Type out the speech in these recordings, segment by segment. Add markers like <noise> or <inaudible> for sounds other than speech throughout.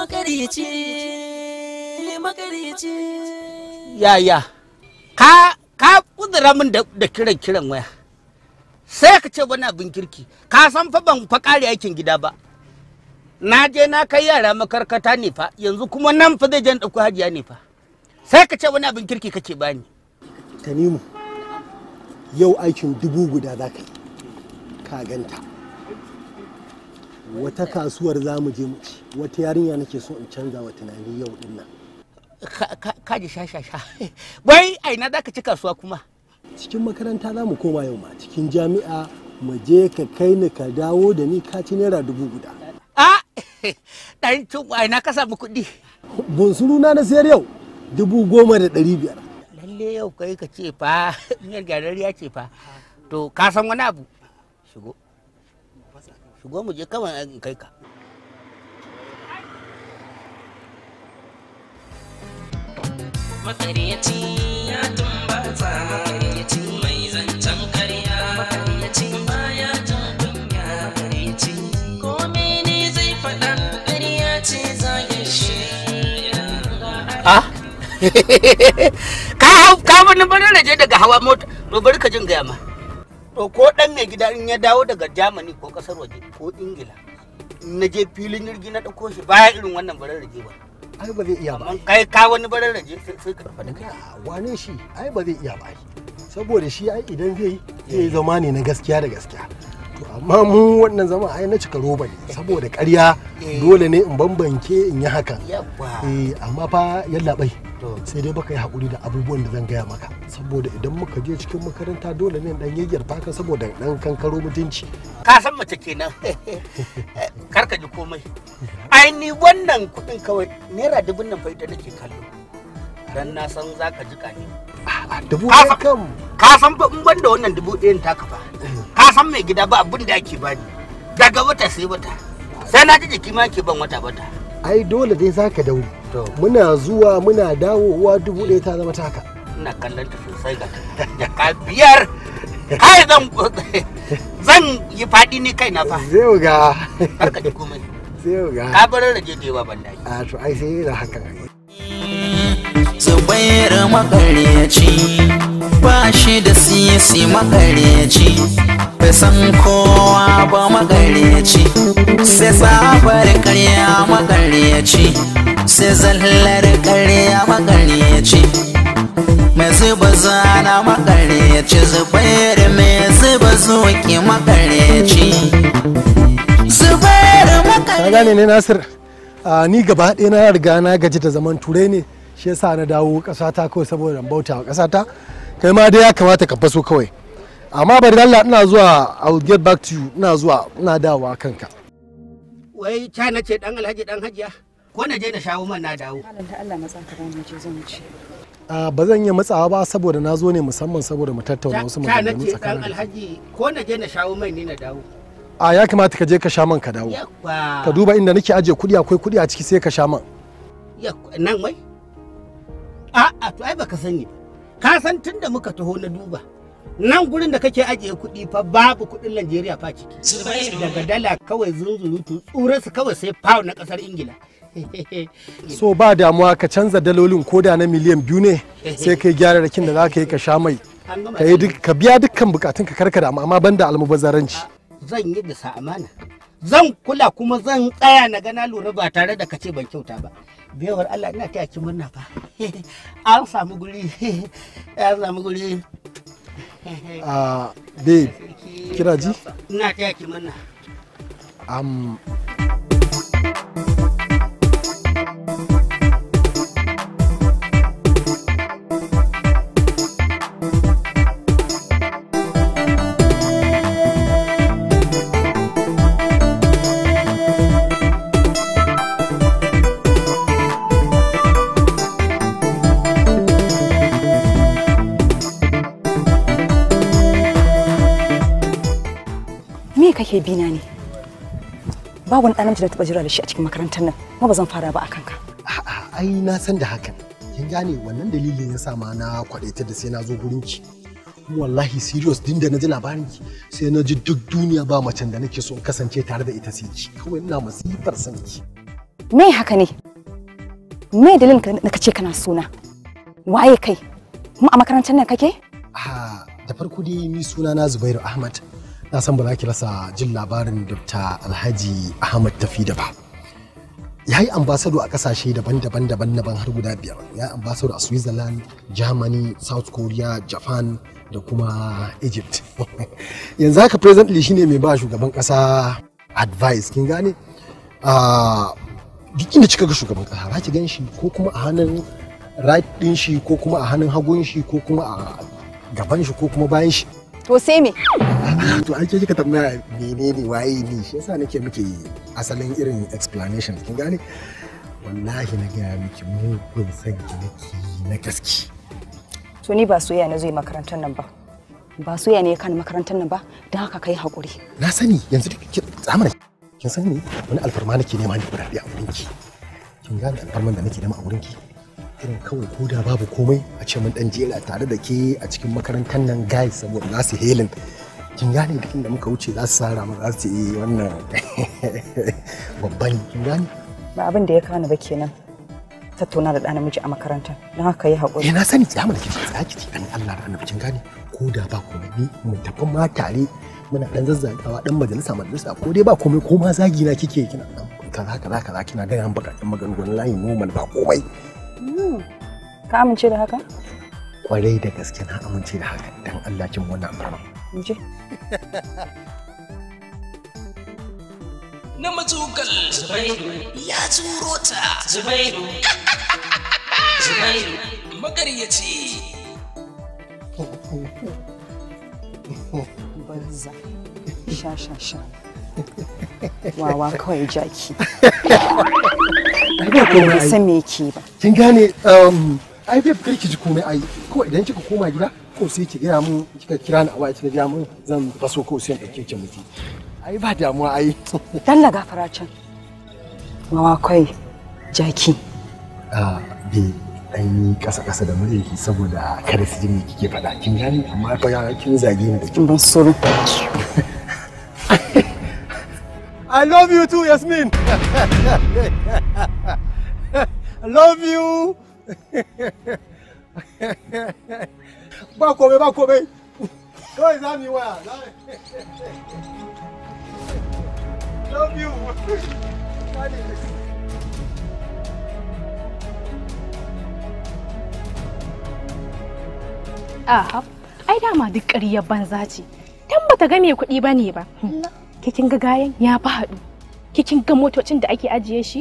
makarici makarici yaya ka ka kudura min da kiran kiran waya sai ka ce wani abin kirki ka san fa ban fa kare aikin gida ba na je na kai yara makarkata ne fa yanzu kuma nan fa zai je ɗauko hajiya ne fa sai ka ce wani abin kirki kake bani tanimu yau aikin dubu guda za ka yi ka ganta wata kasuwar za mu je mu ci wata yarinya nake so in canza wa tunani yau din nan ka ji sha sha sha bai <laughs> ai na za ka ci kasuwa kuma cikin makaranta za mu koma yau ma cikin jami'a mu je ka kai ni ka dawo da ni ka ci naira dubu guda a <laughs> ɗan cin na kasa ka samu kuɗi bunsuru na na sayar yau dubu goma da ɗari biyar lalle yau kai ka ce fa <laughs> miyar gyararriya ce fa to ka san wani abu shigo shigo mu je kawai in kai ka makaryaci ya tumbatsa makaryaci mai zancen karya ba ya jan kunya makaryaci ko mene zai faɗa karya ce zagin shi ah? <laughs> ka hau ka wani bari daga hawa mota bari ka jin gaya ma to ko dan mai gida in ya dawo daga germany ko kasar waje ko ingila na je filin jirgi na dauko shi baya irin wannan barar rage ba ai ba zai iya ba kai ka wani barar rage sai ka faɗa kai wane shi ai ba zai iya ba saboda shi ai idan zai zai zama ne na gaskiya da gaskiya to amma mu wannan zama ai na cika roba ne saboda ƙarya eh. dole ne in bambanke in yi haka eh amma fa yallaɓai sai dai baka yi hakuri da abubuwan da zan gaya maka saboda idan muka je cikin makaranta dole ne dan yayyar faka saboda dan kankaro mutunci ka san mace kenan <laughs> karka ji komai ai ni wannan kuɗin kawai naira dubun nan fa ita nake kallo dan na san zaka ji kani dubu ɗaya kam ka san ba in gwanda wannan dubu ɗayan taka ba ka san mai gida ba abin da ake bani daga wata sai wata sai na ji jiki ma ke ban wata wata ai dole dai zaka daure muna zuwa muna dawowa dubu ɗaya ta zama taka ina kallon ta sosai ga jaka biyar kai zan zan yi faɗi ni kai na fa zai ga harka ji komai zai ga ka bar da jeje ban banda a to ai sai da haka zubair makareci ba shi da sisi makareci bai san kowa ba makareci sai sabar karya makareci sai zallar ƙarya makaryaci mai zuba zana makaryaci zubairu mai zuba ya makaryaci zubairu makaryaci ya ne nasir ni gaba ɗaya na riga na gaji da zaman turai ne shi yasa na dawo ƙasata kawai saboda bauta wa ƙasata kai ma dai ya kamata ka faso kawai amma bari Allah ina zuwa I will get back to you ina zuwa ina dawowa kanka wai ta nace dan alhaji dan hajiya ko na je na shawo man na dawo Allah matsa ka ban je zan wuce ba zan iya matsawa ba saboda na zo ne musamman saboda mu tattauna wasu maganganu tsakanin ta nace alhaji ko na je na shawo man ne na dawo a ya kamata ka je ka sha man ka dawo ka duba inda nake aje kudi akwai kudi a ciki sai ka sha man nan wai a a to ai baka sani ka san tunda muka taho na duba nan gurin da kake ajiye kuɗi fa babu kuɗin Najeriya fa ciki daga dala kawai zunzurutu tsuransu kawai sai pound na ƙasar Ingila so ba damuwa ka canza dalolin koda na miliyan biyu ne sai ka yi gyararrakin da za ka yi ka sha mai ka yi ka biya dukkan bukatun ka karkada amma banda almubazzaranci zan yi bisa amana zan kula kuma zan tsaya na gana lura ba tare da kace ban kyauta ba biyawar Allah ina taya ki murna fa <laughs> an samu guri <laughs> an samu guri a <laughs> ah, babe kira ji ina taya ki murna um kake bina ne ba wani namiji da taɓa jira da shi a cikin makarantar nan kuma ba zan fara ba a kanka ai na san da hakan kin gane wannan dalilin ya sa ma na kwadaita da sai na zo gurin ki wallahi serious din da na ji labarin ki sai na ji duk duniya ba macen da nake so in kasance tare da ita sai ki kawai ina masifar san ki me haka ne me dalilin da kace kana suna waye kai kuma a makarantar nan kake a da farko dai ni suna na Zubairu Ahmad na san ba za ki rasa jin labarin dr alhaji ahmad tafida ba ya yi ambasado a kasashe daban-daban daban daban har guda biyar ya yi ambasado a switzerland germany south korea japan da kuma egypt <laughs> yanzu haka presently shine mai ba shugaban kasa advice kin gane ah, duk inda kika ga shugaban kasa za ki gan shi ko kuma a hannun right din shi ko kuma a hannun hagun shi ko kuma a gaban shi ko kuma bayan shi to sai me to ake kika tambaya mene ne waye ne shi yasa nake miki asalin irin explanation kin gane wallahi na gaya miki mu kun san ki nake na gaske to ni ba soyayya na zai makarantar nan ba ba soyayya ne kan makarantar nan ba don haka kai hakuri na sani yanzu zamani kin sani wani alfarma nake nema ne guda a ki kin gane alfarman da nake nema a wurin ki irin kawai ko da babu komai a ce mun dan jera tare da ke a cikin makarantar nan guys saboda za su helin kin gane duk inda muka wuce za su sara mu za su yi wannan <laughs> babban kin gane ba abin da ya kana ba kenan tattauna da ɗan namiji a makarantar don haka yi haƙuri. Ina eh, sani ki da kike tsaki ce an Allah da annabi kin gane ko da ba komai ni mun tafi ma tare muna dan zazzagawa dan majalisa majalisa ko dai ba komai ko ma zagi na kike kina dan kaza kaza kaza kina ga yan bakatun maganganun layi normal ba komai. Hmm. Ka amince da haka? Kwarai da gaske na amince da haka don Allah cin wannan amana. Je. Na matugal Zubairu ya turo ta Zubairu. Zubairu magaryaci. Banza. Sha sha sha. Wawa kawai jaki. <laughs> ba komai ai san me yake ba kin gane um ai bai karki ji komai ai ko idan kika koma gida ko sai ki gaya mun kika kira ni a waya kika gaya mun zan faso ko sai in dauke ki miki ai ba damuwa ai <laughs> dalla gafara can mawa kai jaki a ah, bi dan yi kasa kasa da muryarki saboda kada su ji me kike faɗa kin gane amma fa kin zage ni da kin ban suru <laughs> I love you too, Yasmin. I <laughs> love you. Ba komai, ba komai. Go za mu yi Love you. Aha, ai dama duk ƙaryar banza ce. Tan bata ga mai kuɗi bane ba. kikin ga gayan ya fi haɗu kikin ga motocin da ake ajiye shi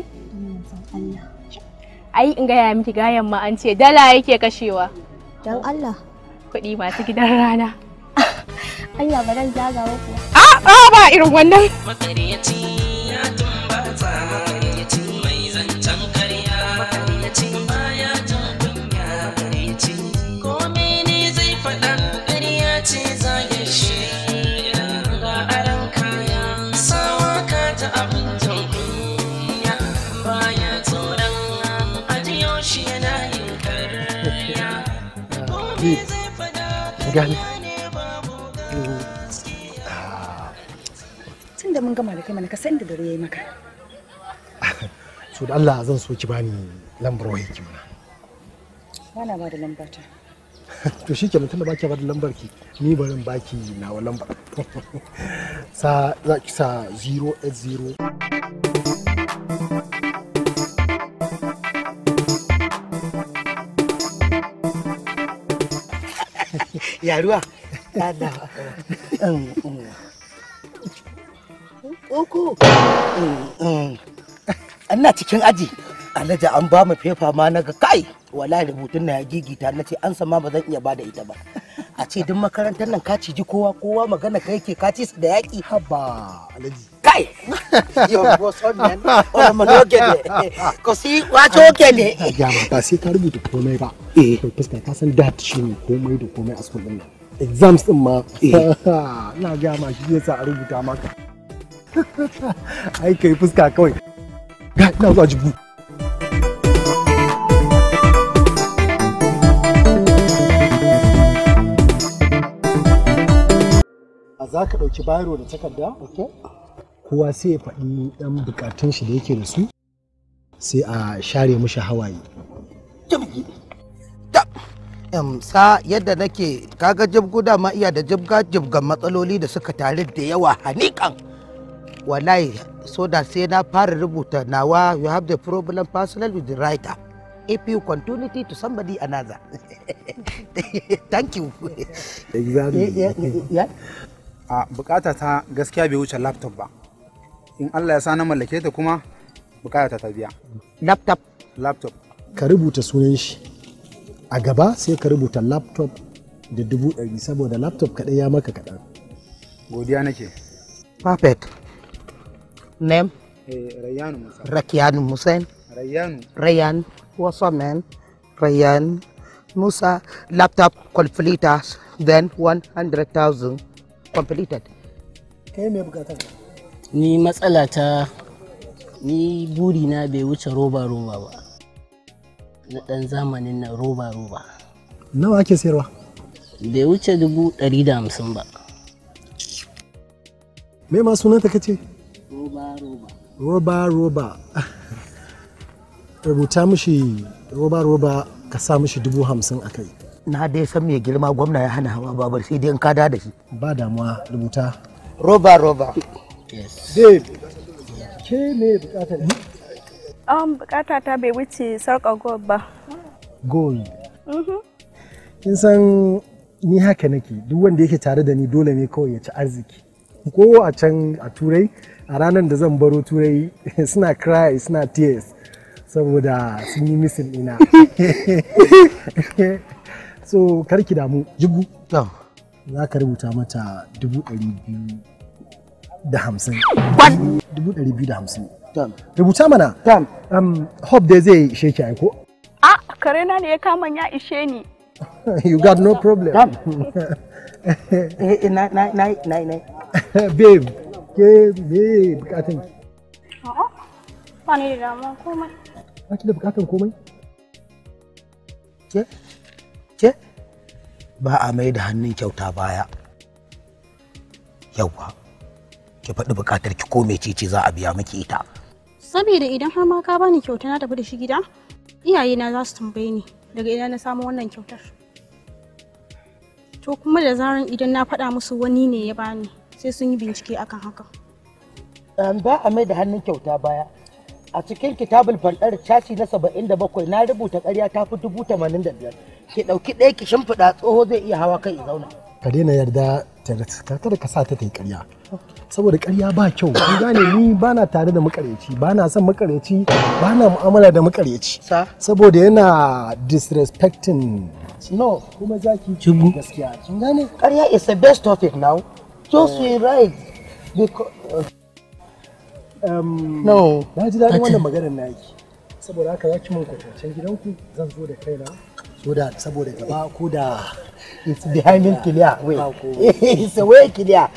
ai in gaya miki gayan ma an ce dala yake kashewa don Allah kuɗi masu gidan rana <laughs> Allah ba zan zaga ko a a ba irin wannan gane tun da mun gama da kai mana ka san da dare yayi maka so <laughs> da Allah zan so ki bani lambar wayar ki mana bana ba da lambar ta <laughs> to shi kenan tunda baki ba da lambar ki ni barin baki nawa lambar <laughs> sa za ki sa 080 ya Oko. Mm, mm. mm, cikin aji. Alhaji an ba mu fefa ma na ga kai wallahi rubutun na ya gigita na ce an sama ba zan iya bada ita ba. A ce duk makarantar nan ka ciji kowa kowa magana kai ke ka ci su da yaƙi. Haba Alhaji kai yawwa sannan olomo da ogede ko si wato ogede ya ba sai ka rubuta komai ba eh fuska ka san dat shi ne komai da komai a school din nan exams din ma ina ga ma shi yasa a rubuta maka ai kai fuska kawai ga ina zuwa jibu za ka ɗauki bayro da takarda Okay. kowa sai ya faɗi ɗan bukatun shi da yake da su sai a share mushi hawaye sa yadda nake kaga jibgu dama iya da jibga ga matsaloli da suka tare da yawa hanikan wallahi so da sai na fara rubuta nawa you have the problem personal with the writer if you continue to somebody another <laughs> thank you exactly yeah, yeah. Ah, bukata ta gaskiya bai wuce laptop ba in Allah ya sa na mallake ta kuma bukata ta biya laptop laptop ka rubuta sunan shi a gaba sai ka rubuta laptop da dubu ɗari saboda laptop kaɗai ya maka kaɗan godiya nake perfect name eh, rayyanu musa rakiyanu musa rayyanu rayyan what's up man rayyan musa laptop completed then 100000 completed kai me bukatar ni matsala ta ni buri na bai wuce roba roba ba na ɗan zamanin na roba roba nawa ake sayarwa bai wuce dubu ɗari da hamsin ba me ma sunanta kace roba roba roba roba rubuta mishi roba roba ka sa mishi dubu hamsin a kai na dai san mai girma gwamna ya hana hawa babar sai dai in ka da shi ba damuwa rubuta roba roba Babe, ke me bukata ne. Um, an bukata ta bai wuce sarƙa gold ba. Gold. Mm-hmm. Kin san ni haka nake duk wanda yake tare da ni dole ne kawai ya ci arziki. Ko a can a turai a ranar da zan baro turai <laughs> suna cry suna tears saboda sun yi misin ina. <laughs> so karki damu jigu. Za ka rubuta mata dubu ɗari biyu da hamsin. Kwan! Dubu ɗari biyu da hamsin. Rubuta mana. Tam. Um, Hope dai zai ishe ki aiko. A ah, kare na ne ya kama ya ishe ni. <laughs> you got no problem. Tam. na na na na na. Babe, ke me bukatan A'a. Ah, ba ni da damuwa komai. Ba ki da bukatan komai? Ke? Ke? Ba a mai da hannun kyauta baya. Yawwa. ki faɗi buƙatar ki ko mecece za a biya miki ita saboda idan har ma ka bani kyauta na tafi da shi gida iyayena za su tambaye ni daga ina na samu wannan kyautar to kuma da zaran idan na faɗa musu wani ne ya bani sai sun yi bincike akan haka ba a mai da hannun kyauta baya a cikin kitabul fandar caci na 77 na rubuta ƙarya ta fi 85 ki ɗauki ɗaya ki shimfiɗa tsoho zai iya hawa kai zauna ka daina yarda ta kada ka sa ta ta yi ƙarya saboda ƙarya ba kyau kun gane ni ba na tare da makareci ba na son makareci ba na mu'amala da makareci saboda yana disrespecting no kuma zaki cibu gaskiya kun gane ƙarya is the best topic now just eh. we right because um, no na ji daɗin wannan maganar na yi saboda haka ya ci mun kwatancen gidanku zan zo da kaina so that saboda gaba ko da it's behind clear <laughs> way it's a way clear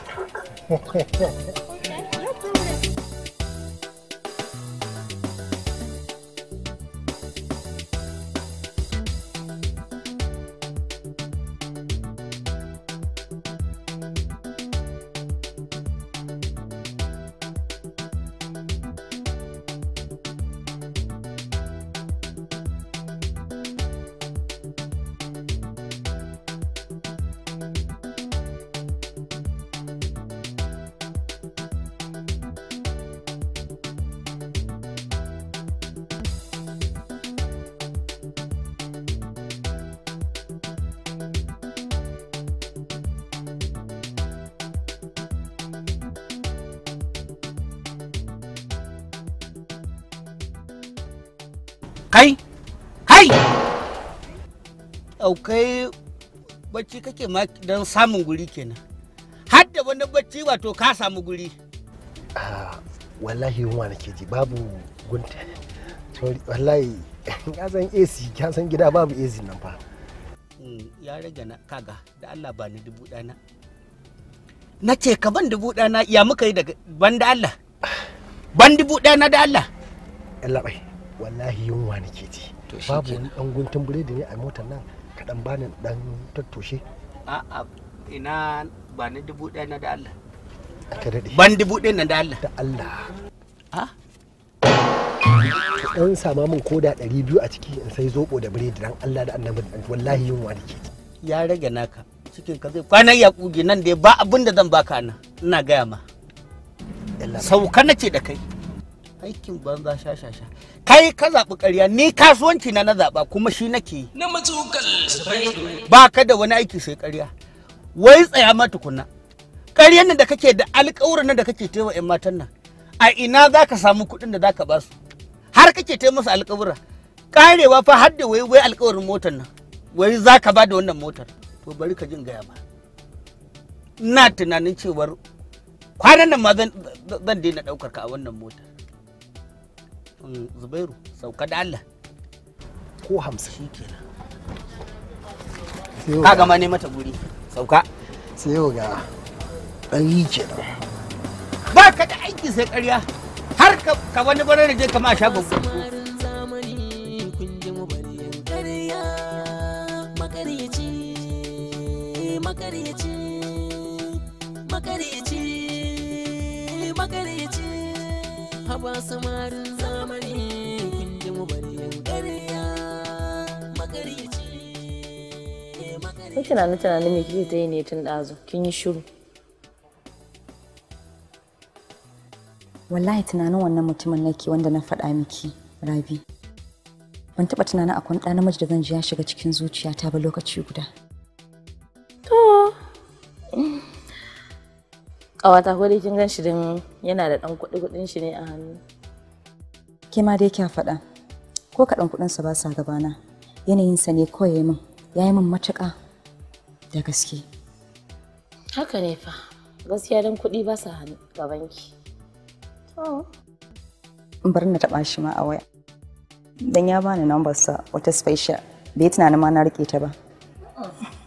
ɗaukai bacci kake ma don samun guri kenan har da wani bacci wato ka samu guri ah, wallahi yunwa wani ji babu gunta wallahi <laughs> ya san ac ya san gida babu ac nan fa mm, ya rage na kaga da allah ba ni dubu dana na ce ka ban dubu dana ya muka yi daga ban da allah ban dubu dana da allah labai wallahi yunwa nake ji babu wani dan guntun biredi ne a motar nan kaɗan bani ɗan tattoshe a'a ina ba ni dubu ɗaya na da Allah ka daɗe ban dubu ɗaya na da Allah da Allah a ɗan sama min koda ɗari biyu a ciki in sai zoɓo da biredi dan Allah da annabi wallahi yunwa da ke ya rage naka cikin ka zai kwanan ya kuge nan dai ba abin da zan baka nan ina gaya ma sauka na ce da kai aikin banza sha sha sha kai ka zaɓi ƙarya ni kasuwanci na na zaɓa kuma shi nake na ba ka da wani aiki sai ƙarya wai tsaya ma tukunna ƙaryar nan da kake da alƙawuran nan da kake taiwa 'yan matan nan a ina za ka samu kuɗin da za ka ba su har kake taimaka musu alƙawura ƙarewa fa har da wai wai alƙawarin motar nan wai za ka ba da wannan motar to bari ka jin gaya ma na tunanin cewar kwanan nan ma zan daina ɗaukar ka a wannan motar zubairu sauka da Allah ko hamsin shi kenan ka ma ne mata guri sauka sai yau ga ɗari kenan ba ka da aiki sai ƙarya har ka wani barar da je kama shagon kuma makaryaci makaryaci haba samarin Ko tunanin tunanin me kike ta yi ne tun ɗazu? Kin yi shiru. Wallahi tunanin wannan mutumin nake wanda na faɗa miki, Rabi. Ban taɓa tunanin akwai ɗa namiji da zan ji ya shiga cikin zuciyata ba lokaci guda. To. Ƙawata ko dai kin gan shi din yana da ɗan kuɗi-kuɗin shi ne a hannu. Ke ma dai kya faɗa. Ko kaɗan kuɗinsa ba sa gabana. Yanayinsa ne kawai min. Ya yi min matuƙa da gaske haka ne fa gaskiya don kuɗi ba sa gabanki to bari na taɓa shi ma a waya dan ya bani nambarsa wata special bai tunanin ma na rike ta ba oh.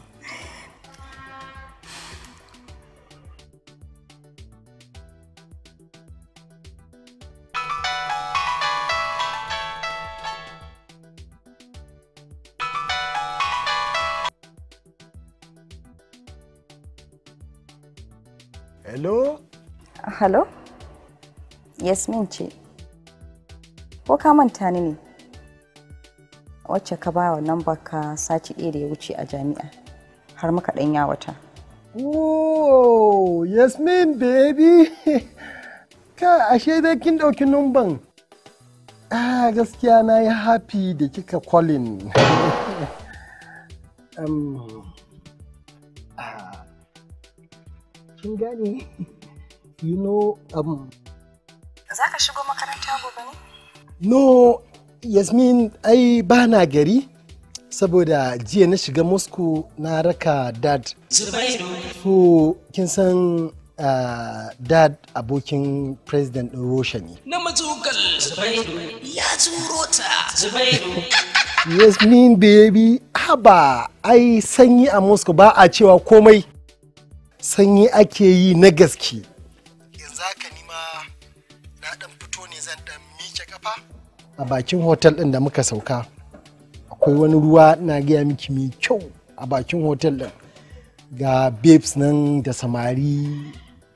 Hello? Yasmin ce. Ko ka manta ni ne? Wacce ka ba wa baka ka sati da ya wuce a jami'a har muka ɗan yawata. Oh, Yasmin baby! <laughs> ka ashe dai kin ɗauki numban. Ah, gaskiya na yi happy da kika kwalin. <laughs> um, ah, kin gane? do you know um zaka shigo makaranta gobe ne no yasmin ai ba na gari saboda jiya na shiga moscow na raka dad so kin san uh, dad abokin president ɗin Russia ne. Na matugal ya turo ta Zubairu. <laughs> yes mean baby haba ai sanyi a Moscow ba a cewa komai sanyi ake yi na gaske. a bakin hotel ɗin da muka sauka akwai wani ruwa na gaya miki mai kyau a bakin hotel ɗin ga babes nan da samari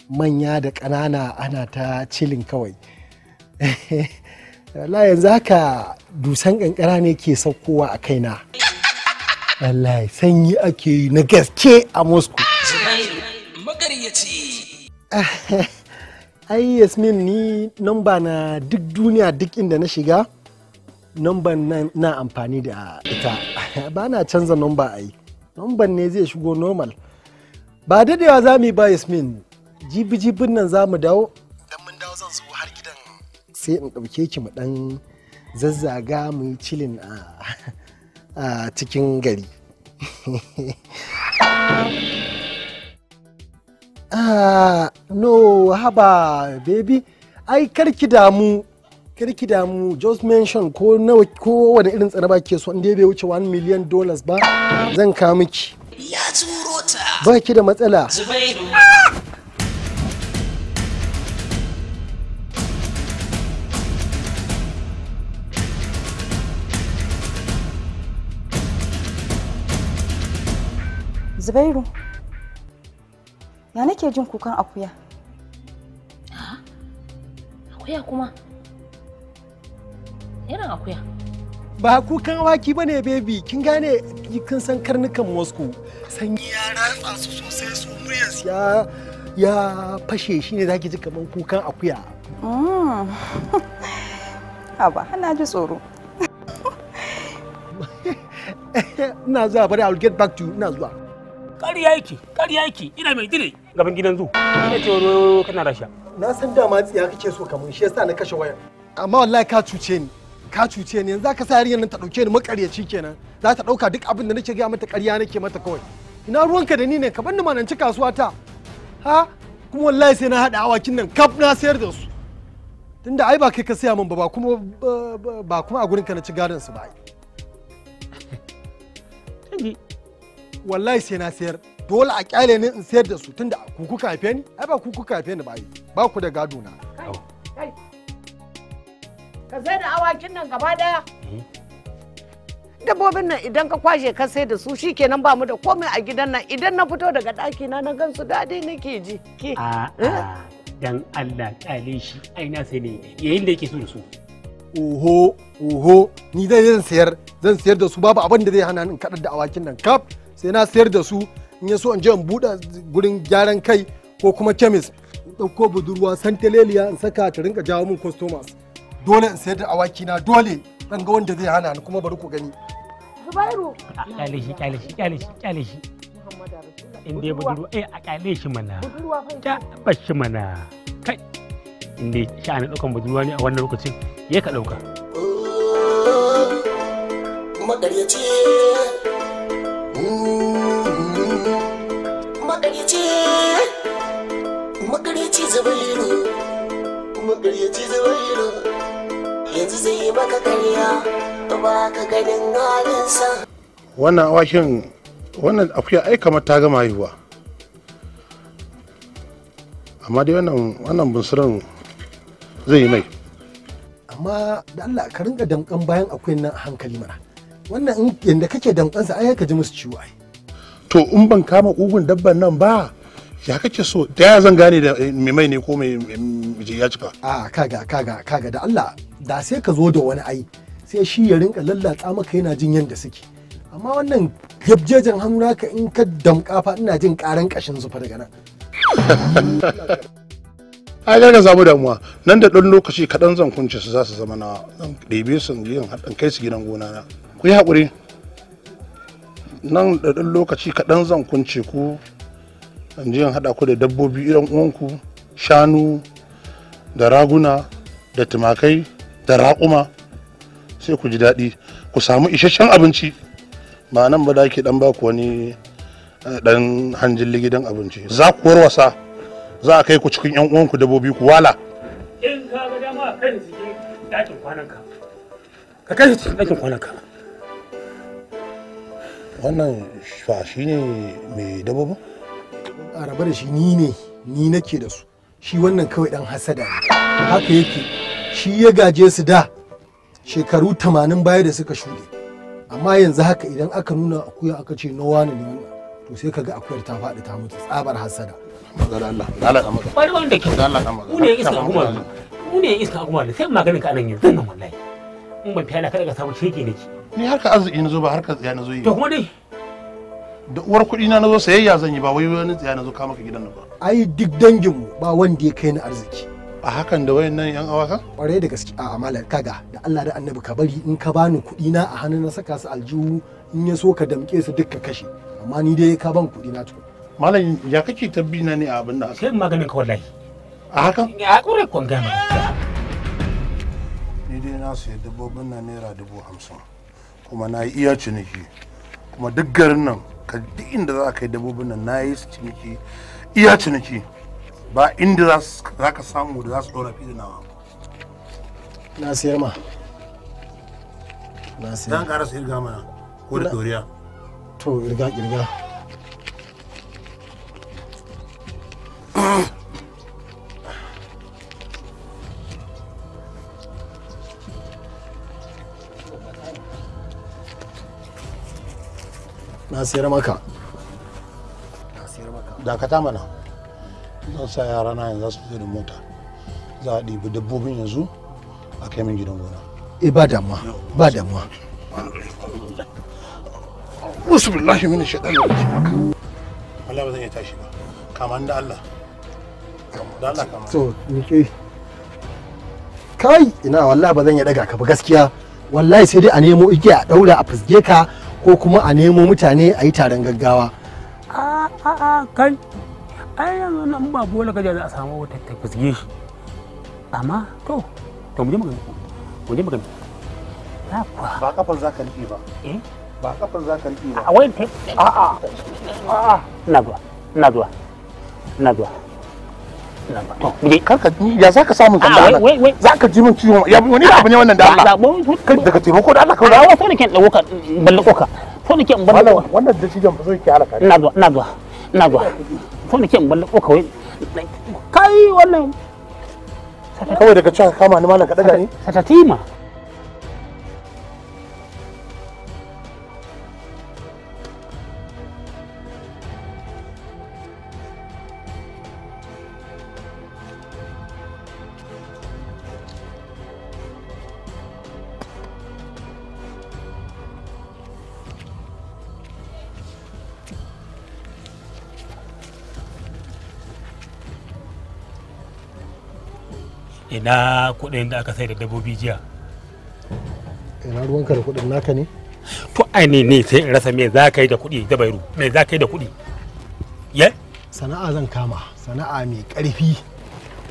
manya da ƙanana ana ta cilin kawai <laughs> Allah yanzu haka dusan ƙanƙara ne ke saukowa a kaina Allah sanyi ake na gaske a moscow <laughs> ai yasmin ni namba na duk duniya duk inda na shiga namba na amfani da ita <laughs> ba na canza namba a yi ne zai shigo normal ba dadewa za mu yi ba yasmin jibi-jibin nan za mu dawo dan mun dawo zan zo har gidan sai in ɗauke ki mu dan zazzaga mu yi cilin <laughs> a cikin gari <laughs> Ah, no haba baby ai karki damu karki damu just mention ko nawa ko wani irin tsara ba ke so inda bai wuce 1 million dollars ba zan kawo miki ya turo ta ba ki da matsala zubairu ya nake jin kukan akuya akuya kuma irin akuya ba kukan awaki bane baby kin gane kin san karnukan moscow sanyi ya ratsa su sosai su muryarsu ya ya fashe shi ne zaki ji kaman kukan akuya mm. <laughs> haba hana ji tsoro <laughs> ina zuwa bari i'll get back to you ina zuwa ƙarya yake ƙarya yake ina mai dire gaban gidan zu ina ce wani kana rasha na san dama tsiya kake so kamun shi yasa na kashe wayar amma wallahi ka cuce ni ka cuce ni yanzu zaka sa yarinyar nan ta dauke ni makaryaci kenan za ta dauka duk abin da nake ga mata ƙarya nake mata kawai ina ruwanka da ni ne ka banni mananci kasuwa ta ha kuma wallahi sai na hada awakin nan kaf na sayar da su tunda ai ba kai ka saya min ba ba kuma ba kuma a gurin ka na ci gadon su ba wallahi sai na sayar dole a kyale ni in sayar da su tunda kuku kuka haife ni ai ba kuku kuka haife ni ba yi ba ku da gado na ka sai da awakin nan gaba daya hmm? dabbobin nan idan ka kwashe ka sai da su shikenan ba mu da komai a gidan nan idan na fito daga daki na na su daɗi nake ji ke eh? dan Allah kyale shi ai na sai ne yayin da yake so da su oho oho ni dai zan sayar zan sayar da su babu abin da zai hana ni kadar da awakin nan kaf sai na sayar da su in ya so in je in buɗe gurin gyaran kai ko kuma kemis in ɗauko budurwa santeleliya in saka ta rinka jawo min customers dole in sayar da awaki na dole dan ga wanda zai hana ni kuma bari ku gani Zubairu kyale shi kyale shi kyale shi kyale shi in dai budurwa eh a kyale shi mana ta bashi mana kai in dai sha'ani ɗaukan budurwa ne a wannan lokacin ya ka ɗauka ce. Wannan awakin wannan akuya ai kamar ta gama haihuwa. Amma dai wannan bunsurin zai yi mai. Amma da Allah ka rinka damkan bayan akuyan nan a hankali mara. wannan in yanda kake damkansa ai ka ji musu ciwo ai to in ban kama kugun dabban nan ba ya kake so da ya zan gane da eh, mai mai ne ko je ya cika a kaga kaga kaga da Allah da sai ka zo da wani ai sai shi ya rinka lallatsa maka yana jin yanda suke amma wannan gabjejen hannu naka in ka damka fa ina jin karan kashin zufa daga nan <laughs> ai ga samu damuwa nan da ɗan lokaci kaɗan zan kunce su za su zama na ɗebe su in haɗin kai su gidan gona na ku yi haƙuri nan da ɗan lokaci kaɗan zan kunce ku in je haɗa ku da dabbobi irin uwanku shanu da raguna da tumakai da raƙuma sai ku ji daɗi ku samu isasshen abinci ba nan ba da ke ɗan baku wani eh, ɗan hanjin ligidan abinci za ku warwasa za a kai ku cikin 'yan uwanku dabbobi ku wala in ka ga dama kan cikin ɗakin kwananka ka kai shi cikin ɗakin kwananka wannan fa shi ne mai dabobin a raba da shi ni ne ni nake da su shi wannan kawai dan hasada haka yake shi ya gaje su da shekaru tamanin baya da suka shuɗe amma yanzu haka idan aka nuna akuya aka ce na wani ne wannan to sai kaga akuyar ta faɗi ta mutu tsabar hasada magana Allah Allah ka wanda ke Allah ka magana ku ne iska kuma ku ne iska sai maganin ka anan yanzu nan wallahi in ban fiya na kada ka samu shege nake ni harka arziki na zo ba harka tsiya na zo yi to kuma dai da uwar kuɗi na zo sayayya zan yi ba wai wani tsaya na zo kama ka gidan nan ba ai duk dangin mu ba wanda ya kai ni arziki a hakan da wayannan yan awaka kwarai da gaske a amalar kaga da Allah da Annabi ka bari in ka bani kuɗi na a hannu na saka su aljihu in ya so ka damƙe su duk ka kashe amma ni dai ka ban kuɗi na tukun malam ya kake tabbina ne a abin da aka kai maganin ka wallahi a hakan a kure kon gama ni dai na sayi dabbobin na naira dubu hamsin kuma na yi iya ciniki kuma duk garin nan ka duk inda za ka yi dabbobin nan na yi ciniki iya ciniki ba inda za ka samu da za su ɗora fiye nawa na siyar ma na siyar dan ƙara sayar gama na ko da ɗoriya to irga irga na siyar maka dakata mana zan sa yara na yanzu su zo da mota za a ɗibi dabbobin yanzu a kai min gidan gona e ba damuwa ba damuwa wasu billahi mini shaɗan da Allah ba zan iya tashi ba kama da Allah Allah kama to nike kai ina wallahi ba zan iya daga ka ba gaskiya wallahi sai dai a nemo igiya a daura a fusge ka ko kuma a nemo mutane a yi taron gaggawa a a a kan ai yanzu nan ba bola ka za a samu wata ta fisge shi amma to to mu je magana mu je magana ba kafar za ka nufi ba eh ba kafar za ka nufi ba a wayan a a a ina zuwa ina zuwa ina zuwa ya za ka samun kan ah, da Allah za ka ji min ciwon ya wani abu ne wannan da Allah daga taimako Allah ka rawa sai nake dawo ka ballako ka so nake in ballako wannan da shi ba zai ki halaka ina zuwa ina zuwa ina zuwa so nake in ballako ka wai kai wannan kawai daga cewa kama ni malam ka daga ni satatima ina kuɗin da aka sai da dabbobi jiya ina ruwanka da kuɗin naka ne to ai ne sai in rasa me za ka yi da kuɗi da bairu me za ka yi da kuɗi ye sana'a zan kama sana'a mai ƙarfi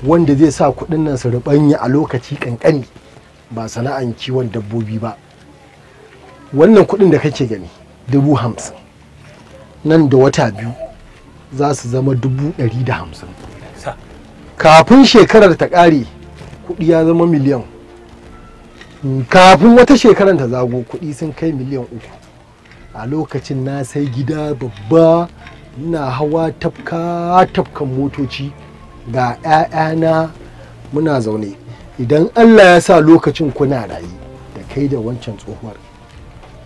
wanda zai sa kuɗin nan su rubanya a lokaci kankani ba sana'an kiwon dabbobi ba wannan kuɗin da kake gani dubu hamsin nan da wata biyu za su zama dubu ɗari da hamsin kafin shekarar ta ƙare kuɗi ya zama miliyan kafin wata shekarar ta zago kuɗi sun kai miliyan uku a lokacin na sai gida babba na hawa tafka tafkan motoci ga 'ya'yana muna zaune idan allah ya sa lokacin kuna rayu da kai da wancan tsohuwar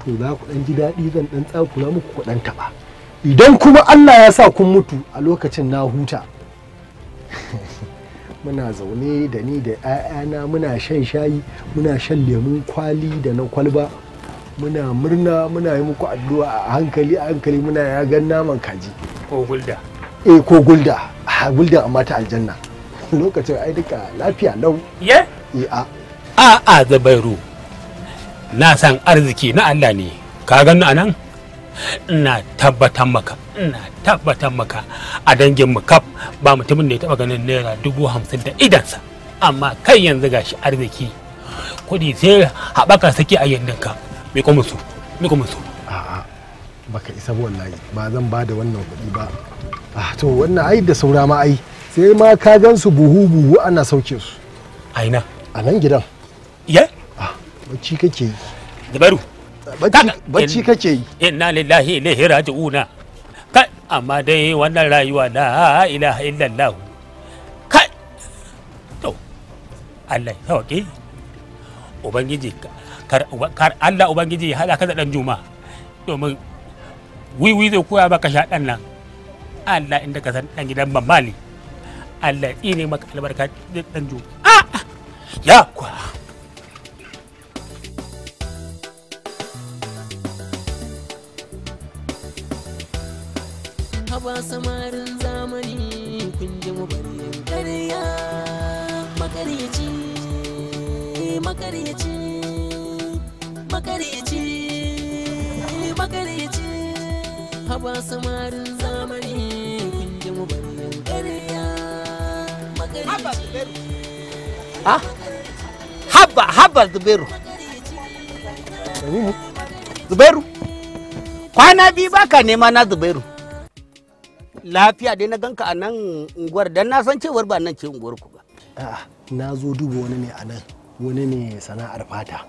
to za ku ɗan ji daɗi zan ɗan tsakura muku ku taɓa idan kuma allah ya sa kun mutu a lokacin na huta muna zaune da ni da 'ya'yana muna shan shayi muna shan lemun kwali da na kwalba muna murna muna yi muku addu'a a hankali a hankali muna ya gan naman kaji ko gulda eh ko gulda a ah, gulda amma ta aljanna <laughs> lokacin ai duka lafiya lau ye eh, a a a zabairu na san arziki na Allah ne ka gano anan ina tabbatar maka ina tabbatar maka a dangin mu kaf ba mutumin da ya taba ganin naira dubu hamsin da idansa amma kai yanzu gashi arziki kudi sai haɓaka sake a yandinka miko musu miko musu a'a baka isa ba wallahi ba zan ba da wannan kuɗi ba ah to wannan ai da saura ma ai sai ma ka gan su buhu buhu ana sauke su aina a nan gidan ya ah bacci kake dabaru bacci kake yi inna lillahi ilaihi raji'una kai amma dai wannan rayuwa la ilaha illallah kai to Allah ya sauke ubangiji kar Allah ubangiji ya hada ka da dan juma domin wiwi zai koya baka shaɗan nan Allah inda ka san dan gidan mamali Allah ya maka albarka dan juma ah! ya haba samarin zamani kun ji mu bari ƙarya makaryaci makaryaci makaryaci makaryaci haba samarin zamani kun ji mu bari ƙarya makaryaci ah, haba haba zubairu zubairu kwana biyu baka nema na zubairu lafiya dai na ganka a nan unguwar dan na san cewar ba nan ce unguwar ku ba a'a ah, na zo duba wani ne a nan wani ne sana'ar fata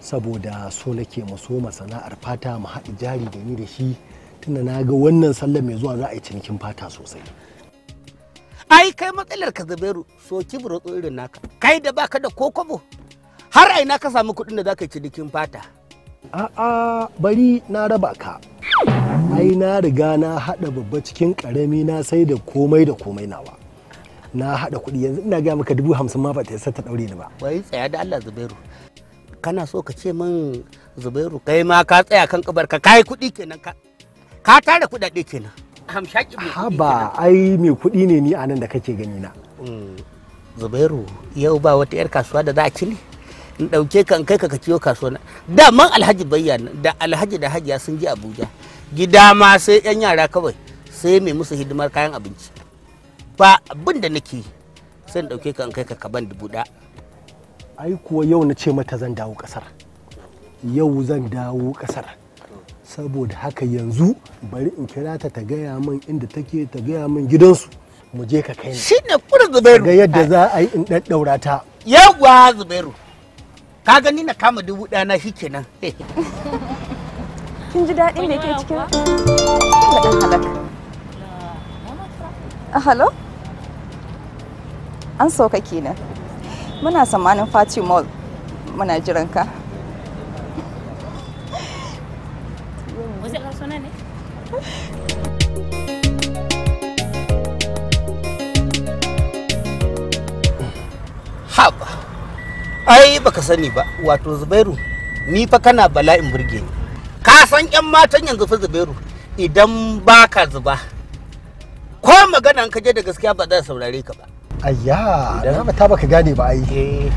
saboda so nake maso ma sana'ar fata mu haɗi jari da ni da shi tunda na ga wannan sallar mai zuwa za a yi cinikin fata sosai ai kai matsalar ka zubairu so kibro irin naka kai da baka da kokobo har aina ka samu kuɗin da zaka yi cinikin fata a'a bari na raba ka ai na riga na haɗa babba cikin ƙarami na sai da komai da komai nawa na haɗa kuɗi yanzu ina gaya maka dubu hamsin ma ba ta yasa ta ɗaure ni ba wai tsaya da Allah Zubairu kana so ka ce min Zubairu kai ma ka tsaya kan kabar ka kai kuɗi kenan ka ka tara kuɗaɗe kenan hamshaki haba ai mai kuɗi ne ni anan da kake gani na mm, Zubairu yau ba wata 'yar kasuwa da za a ci ne in ɗauke ka in kai ka ciyo kasuwa da man alhaji bayyana da alhaji da hajiya sun je abuja gida ma sai yan yara kawai sai mai musu hidimar kayan abinci ba abin da nake sai ɗauke ka kai ka kaban dubu da. ai kuwa yau na ce mata zan dawo ƙasar yau zan dawo ƙasar saboda haka yanzu bari in kira ta ta gaya min inda take ta gaya min gidansu mu je ka kai shi ne kura zubairu ga yadda za a yi in ɗaɗɗaura ta yawwa zubairu ka gani na kama dubu ɗana shikenan <laughs> kin ji daɗin da ke cikin da ɗan ah, halak a halo an sauka kenan muna samanin fati mall muna jiran ka Haba, ai baka sani ba, wato Zubairu, ni fa kana bala'in burge ni. ka san yan matan yanzu fa zubairu idan ba ka zuba ko magana ka je da gaskiya ba za saurare ka ba ayya na ba ta baka gane ba ai eh.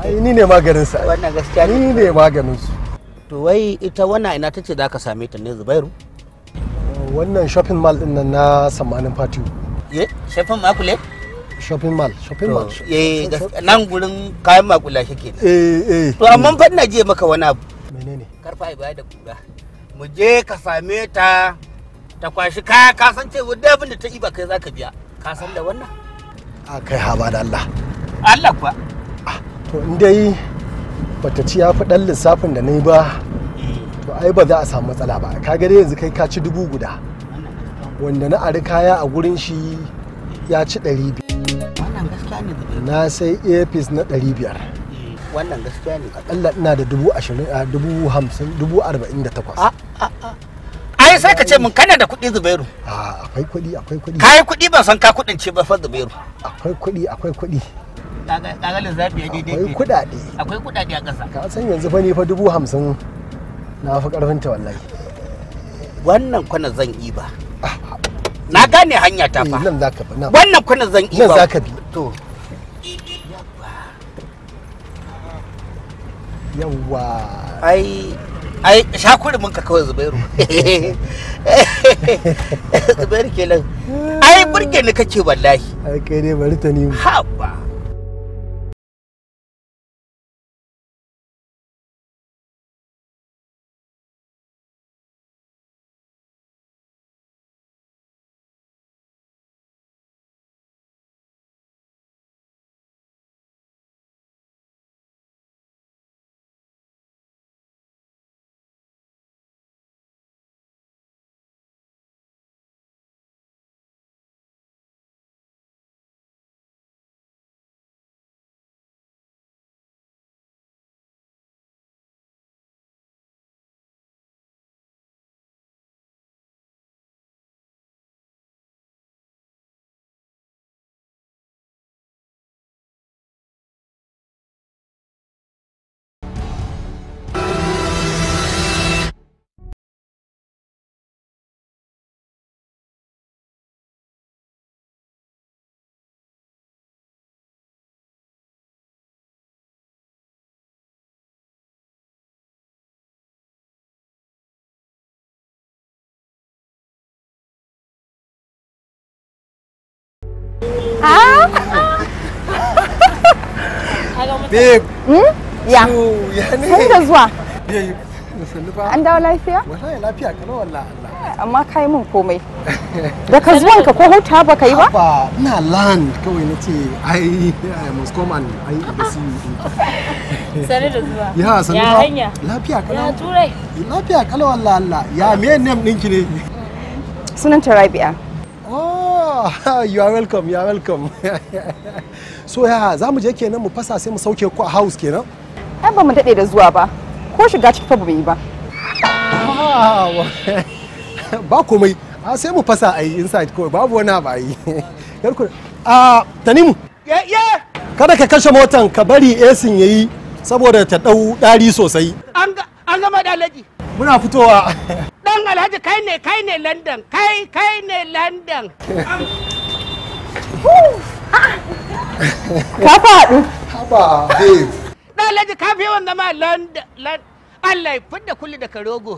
ai ni ne maganin sa wannan gaskiya ni ne maganin su to wai ita wannan ina tace zaka same ta ne zubairu wannan shopping mall din nan na samanin patio ye eh, shopping mall kule shopping mall shopping mall eh nan gurin kayan makula shi ke eh eh to amma fa ina je maka wani abu menene karfa baya da kura mu je ka same ta ta kwashi kaya ka san cewa duk abin da ta iba kai zaka biya ka san da wannan a kai haba da Allah Allah kuwa ah, to in dai bata ci yafi dan lissafin da nayi ba eh. to ai ba za a samu matsala ba ka ga yanzu kai ka ci dubu guda wanda na ari kaya a gurin shi ya ci ɗari ne na sai apis na ɗari biyar wannan gaskiya ne akalla ina da dubu ashirin a dubu hamsin dubu arba'in da takwas ai sai ka ce mun kana da kuɗi zubairu a akwai kuɗi akwai kuɗi kayi kuɗi ban san ka kuɗin ce ba fa zubairu akwai kuɗi akwai kuɗi kaga lissafi ya daidai akwai kuɗaɗe akwai kuɗaɗe a ƙasa ka san yanzu fa ni fa dubu hamsin na fi ƙarfin ta wallahi wannan kwana zan yi ba ah, ah. na gane hanya ta fa eh, wannan kwana zan yi ba nan zaka bi to yawwa ai ai ka kawai zubairu <laughs> zubairu kenan ai burge ni kake wallahi ai kai ne bari ta ni ha ba Babe. Hmm? Ya. Sun da zuwa. An dawo lafiya? Wallahi lafiya kana wallahi Allah. Amma kai min komai. <laughs> Da ka zuwan ka ko huta ba kai ba? Ba, ina land kawai na ce ai I must come and I see <laughs> you. Sani da zuwa. <laughs> Ya sani Ya hanya. Lafiya kana. Ya turai. Lafiya kana wallahi Allah. Ya me name ɗinki ne? Sunan ta Rabi'a. Ah, you are welcome you are welcome <laughs> so yeah za mu je kenan mu fasa sai mu sauke ku a house kenan ai ba mu daɗe da zuwa ba ko shiga ciki fa ba mu yi ba ba komai a ah, sai mu fasa ai inside kawai babu wani ba yi a <laughs> ah, tanimu ye ye. kada ka kashe motan ka bari AC yayi saboda ta ɗau dari sosai an ga an ga madalaji muna fitowa <laughs> dan alhaji kai ne kai ne london kai kai ne london ka faɗu haba babe dan alhaji ka fi yawan zama london allah ya fi da kulli daga rogo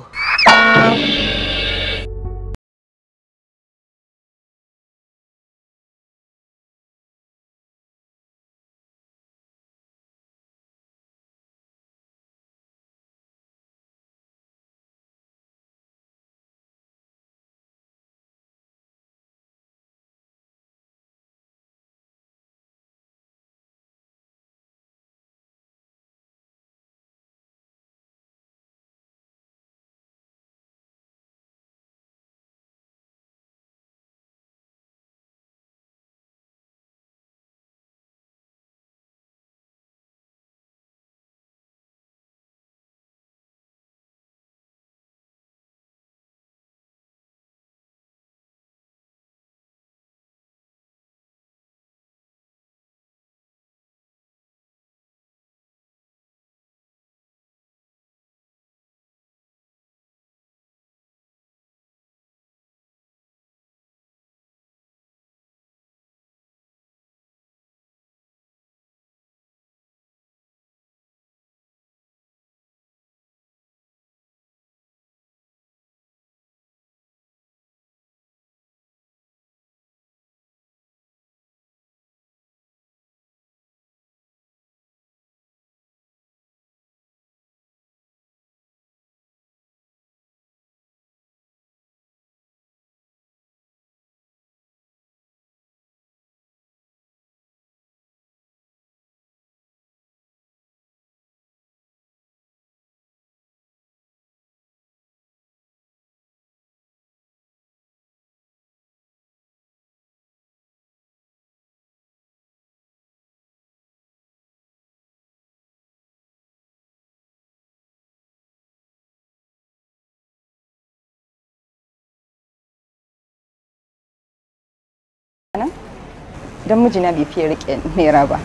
don mijina bai fiye rike naira ba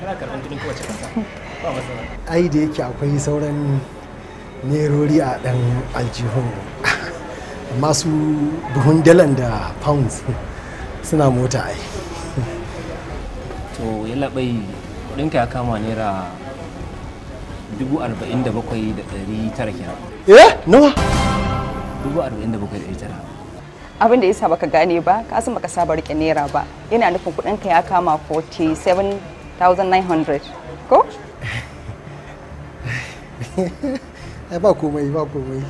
karɓar kowace ai da yake akwai sauran nerori a ɗan aljihun <laughs> masu buhun dalan da pounds suna mota ai to ya labai kudin ya kama naira dubu arba'in da bakwai da ɗari tara kenan eh nawa dubu arba'in da bakwai da ɗari tara abin da yasa baka gane ba ka san baka saba rike naira ba yana nufin kuɗinka ka ya kama 47900 ko <laughs> ba komai ba komai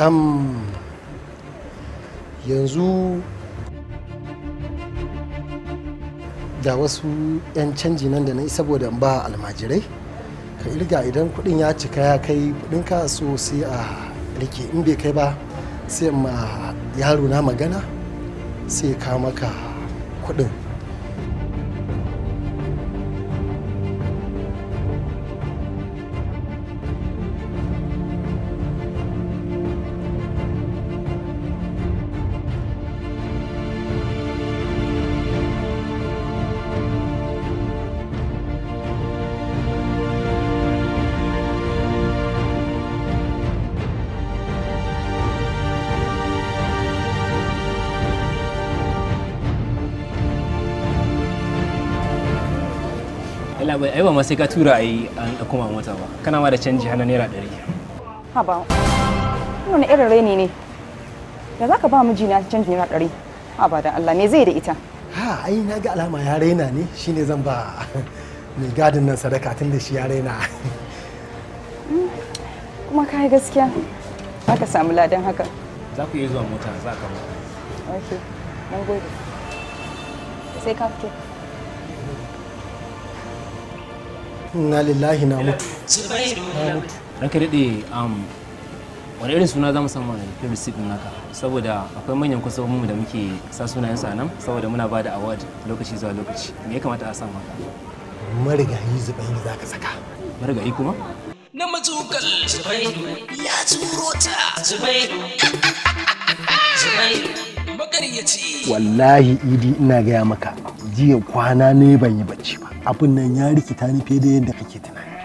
um, yanzu da wasu 'yan canji nan da na yi saboda ba almajirai ka irga idan kudin ya cika ya kai kudin ka so sai a rike in bai kai ba sai ma yaro na magana sai ya maka kuɗin ai ba ma sai ka tura a yi an kuma mota ba kana ma da canji hana naira ɗari ha ba wani irin raini ne da za ka ba mijina canji naira ɗari ha ba da Allah me zai da ita ha ai na ga alama ya raina ne shine zan ba <laughs> mai gadin nan sadaka tun da shi ya raina hmm, kuma ka yi gaskiya za ka samu ladan haka za ku iya zuwa mota za ka ba ok mun gode sai ka fito na lillahi na mutu ranka daɗe um, wani irin suna za mu samu a receipt din naka saboda akwai manyan kusurmu da muke sa sunayen sa nan saboda muna ba da award lokaci zuwa lokaci me ya kamata a sa maka marigayi zubairu za ka saka marigayi kuma na matukar zubairu ya turo ta zubairu zubairu magaryaci wallahi idi ina gaya maka jiya kwana ne ban yi bacci ba abin nan ya rikita ni fiye da yadda kake tunani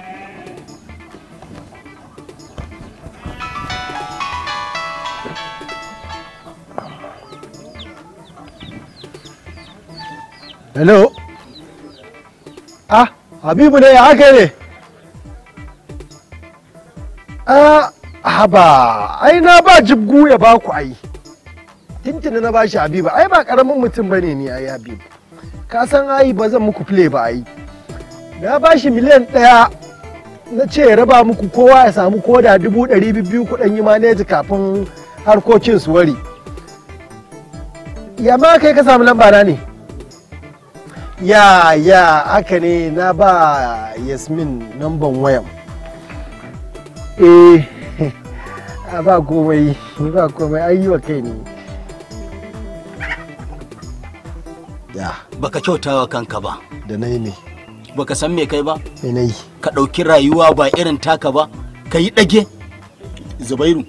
hello ah habibu ne ya haka ne ah haba ai na ba jibgu ya baku ai Tintin na bashi habibu ai ba karamin mutum bane ni ai habibu ka san ai ba zan muku play ba ayi. na ba shi miliyan ɗaya na ce ya raba muku kowa ya samu koda dubu ɗari biyu kuɗin yi maneji kafin harkokin su wari ya ma kai ka samu lamba na ne ya ya aka ne na ba yasmin namban wayan eh <laughs> ba komai ba komai ayyuka kai ne Ya. Baka kyautawa kanka ba. Da nai ne. Baka san me kai ba? Ka ɗauki rayuwa ba irin taka ba. Ka yi ɗage. Zubairu,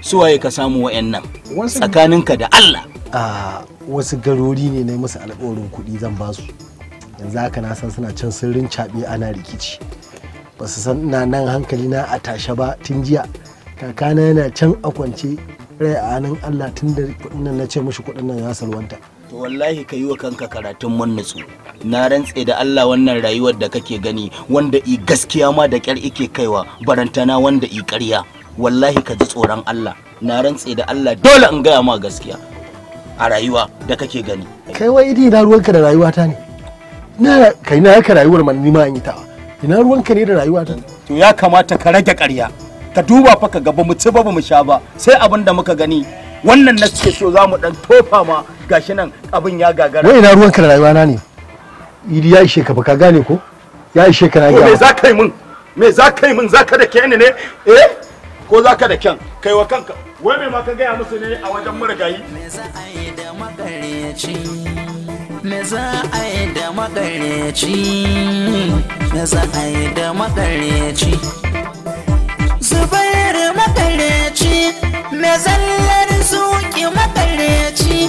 suwaye ka samu wa'annan tsakaninka da Allah. A wasu garori ne na yi musu alƙawarin kuɗi zan ba su. Yanzu haka na san suna can sirrin caɓe ana rikici. Ba su san ina nan hankali na a tashe ba tun jiya. Kakana yana can a kwance rai a hannun Allah tun da kuɗin nan na ce mashi kuɗin nan ya salwanta. to wallahi ka yi wa kanka karatun mun nutsu na rantse da Allah wannan rayuwar da kake gani wanda i gaskiya ma da kyar ike kaiwa barantana wanda i ƙarya wallahi ka ji tsoron Allah na rantse da Allah dole in gaya ma gaskiya a rayuwa da kake gani kai wai idi na ruwanka da rayuwata ne na kai na ka rayuwar man ni ma an yi ta ina ruwanka ne da rayuwata to ya kamata ka rage ƙarya ka duba fa ka ga ba mu ci ba mu sha ba sai abin da muka gani wannan na ce so za mu dan tofa ma gashi nan abin ya gagara wai ina ka da rayuwa na ne idi ya ishe ka ba ka gane ko ya ishe ka na ga me za kai mun me za ka yi min za ka da ke ne eh ko za ka da kyan kai wa kanka wai me ma ka gaya musu ne a wajen marigayi me za a yi da makareci me za a yi da makareci me za a yi da makareci zubair makareci mai zallar zuki makareci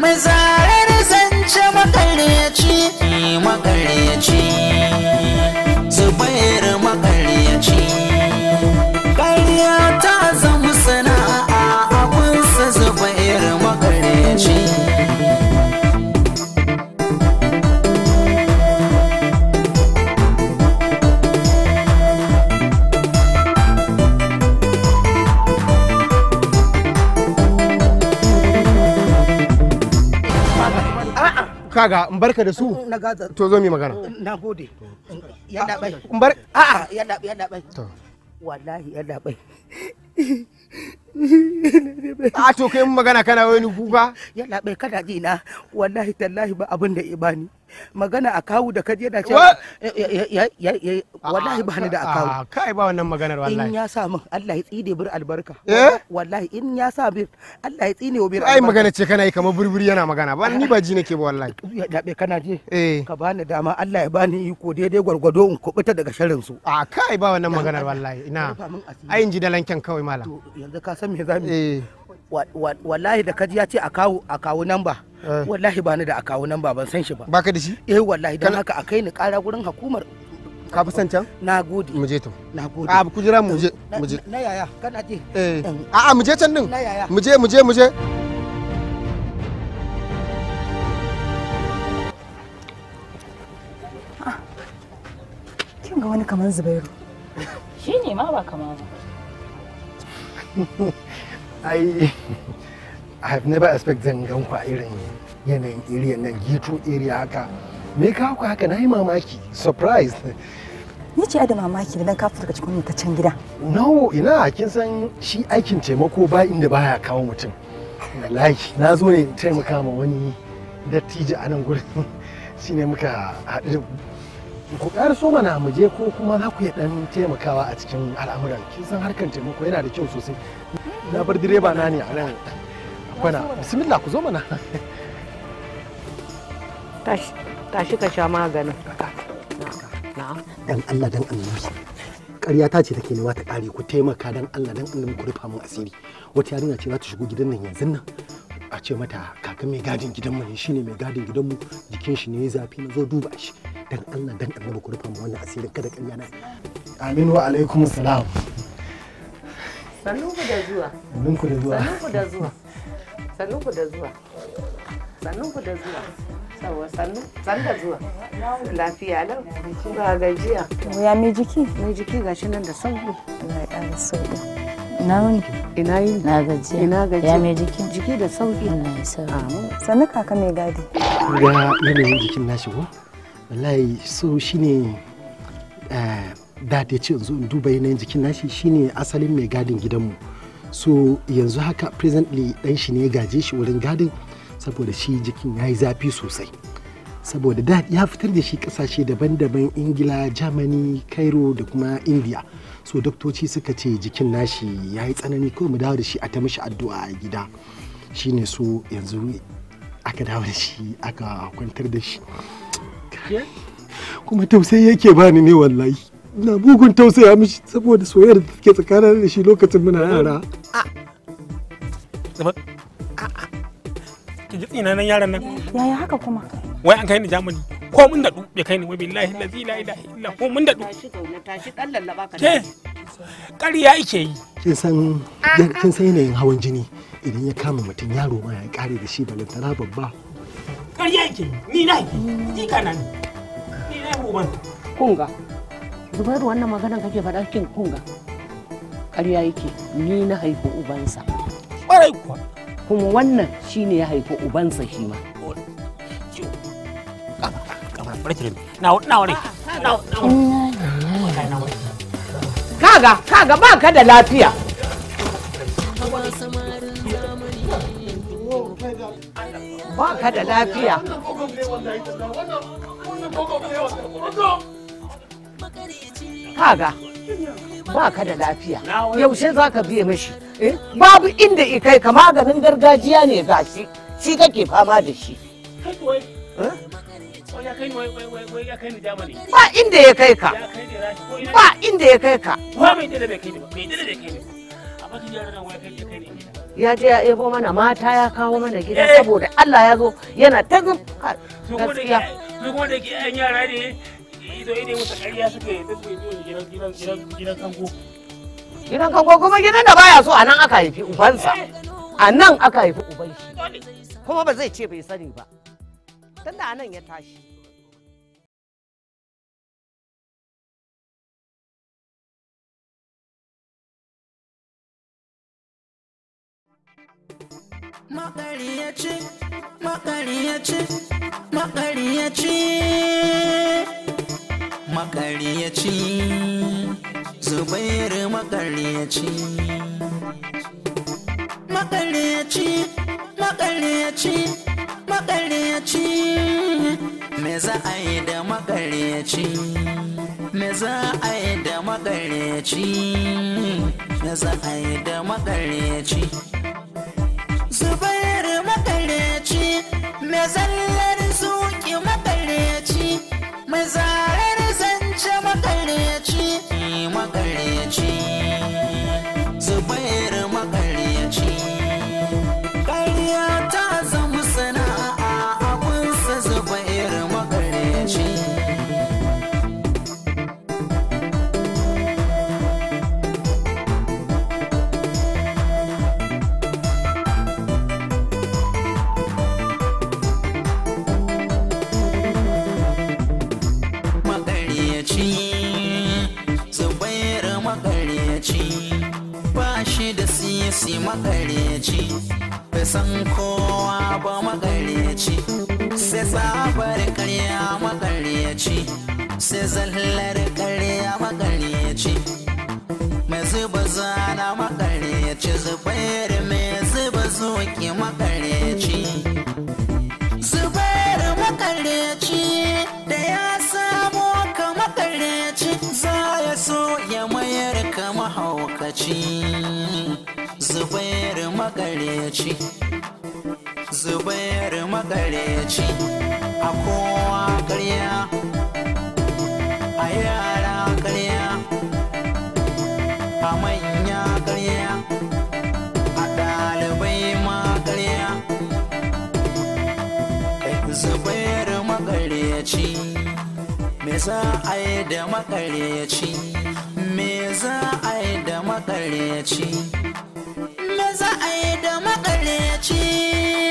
mai zarar zance makareci makareci zubair makareci kaga in barka da su to zo mi magana na gode ya dabai in bar a a ah, ya dabai ya dabai to wallahi ya dabai a ah, to kai mun magana kana wani kuka ya dabai kada ji na wallahi tallahi ba abin da ibani magana a kawu da kaje yana cewa wallahi ah, ba ni da ah, akawu kai ba wannan maganar wallahi in ya sa min Allah ya tsine bir albarka eh? wallahi in ya sa bir Allah ya tsine wa bir albarka ai magana ce kana yi kamar burburi yana magana ba ni ba ji nake ba wallahi <laughs> ya dabe kana je eh. ka bani dama Allah ya bani iko daidai gwargwado in kubuta daga sharrin su a kai ba wannan maganar wallahi ina ai in ji dalanken kawai malam yanzu ka san me zamu eh. wallahi da kaji ya ce a kawo a Eh. wallahi ba ni da akawo nan ba ban san shi ba baka da shi eh wallahi dan haka akai ni kara gurin hukumar ka fi san can na gode mu je to na gode a ah, ku jira mu je mu je na yaya kana je eh mm. a a mu je can din na yaya mu je mu je mu je ah, kin ga wani kaman zubairu shine ma ba kama ba <laughs> ai I have never expected zan gan ku a irin yanayin area nan ghetto area haka. Me ka ku haka na yi mamaki surprise. Ni ce da mamaki dan ka fita cikin ta can gida. No ina kin san shi aikin taimako ba inda baya kawo mutum. Wallahi na zo ne taimaka ma wani dattijo a nan gurin <laughs> shine muka haɗu ku so mana mu je ko kuma za ku iya dan taimakawa a cikin al'amuran kin san harkar taimako yana da kyau sosai na bar direba na ne a nan kwana bismillah ku zo mana tashi tashi ka sha maganin na'am dan Allah dan annabi ƙarya ta ce take nema ta ƙare ku taimaka dan Allah dan annabi ku rufa mun asiri wata yarinya ce za ta shigo gidan nan yanzu nan a ce mata kakan mai gadin gidanmu ne shine mai gadin gidanmu jikin shi ne zafi na zo duba shi dan Allah dan annabi ku rufa mun wannan asirin kada ƙarya na amin wa alaikum salam sannu ku da zuwa sannu ku da zuwa sannu ku da zuwa Sannunku da zuwa sannunku da zuwa sawa sannu san da zuwa lafiya lau ba gajiya ya mai jiki mai jiki ga shi nan da sauƙi. Ina ya ƙara sauki ina wuni ina yi na gajiya ina gajiya ya mai jiki jiki da sauƙi. Allah ya sauki sannu kaka mai gadi ga yanayin jikin nashi ko wallahi so shine eh, da ta ce yanzu in duba yanayin jikin nashi shine asalin mai gadin gidanmu so yanzu haka presently dan shi ne gaje shi wurin gadin saboda shi jikin ya yi zafi sosai saboda da ya fitar da shi kasashe daban-daban ingila germany cairo da kuma india so doktoci suka ce jikin nashi ya yi tsanani kawai mu dawo da shi a ta mishi addu'a a gida shi ne so yanzu aka dawo da shi aka kwantar da shi kuma tausayi yake bani ne wallahi na bugun tausaya mishi saboda soyayyar da take tsakanin da shi lokacin muna yara. Ki ji tsina nan yaran nan. Yaya haka kuma? Wai an kai ni jamani. Ko mun daɗu bai kai ni wai billahi lazi la ilaha ko mun daɗu. Tashi gauna tashi dan lallaba ka. Ke ƙarya yi. Kin san kin san yanayin hawan jini idan ya kama mutum yaro ma ya kare da shi da balantana babba. Ƙarya yake yi ni na yi ni kana ni. Ni na yi Kun Kunga. zubairu wannan maganan kake faɗa cikin kunga ƙarya yake ni na haifi ubansa ƙwarai kuwa kuma wannan shine ya haifi ubansa shi ma kaga kaga ba ka da lafiya ba ka da lafiya kaga ba ka da lafiya yaushe za ka biye mashi eh, babu inda kai ka maganin gargajiya ne ga shi shi kake fama da shi eh? ba inda ya kai ka ba inda ya kai ka ya je ya ebo mana mata ya kawo mana gida eh! saboda Allah ya zo yana ta gaskiya. ido ƙarya biyo gidan gidan gidan kango gidan kango kuma gidan da baya so a nan aka haifi ubansa a nan aka haifi uban shi kuma ba zai ce bai sani ba tunda anan ya tashi makaryaci zubair makaryaci makaryaci makaryaci makaryaci me za a yi da makaryaci me za a yi da makaryaci me za a yi da makaryaci zubair makaryaci me zallar zuki makaryaci me zarar magarete makareci bai san kowa ba makareci sai sabar karya makareci sai zallar karya makareci mai zuba zana makareci zubair mai zuba zuki makareci zubair makareci da ya samo ka makareci za ya so ya mayar ka mahaukaci makareci zubair makareci a kowa karya a yara karya a manya karya a ɗalibai ma karya zubair makareci me za a yi da makareci me za a yi da makareci ai da makareci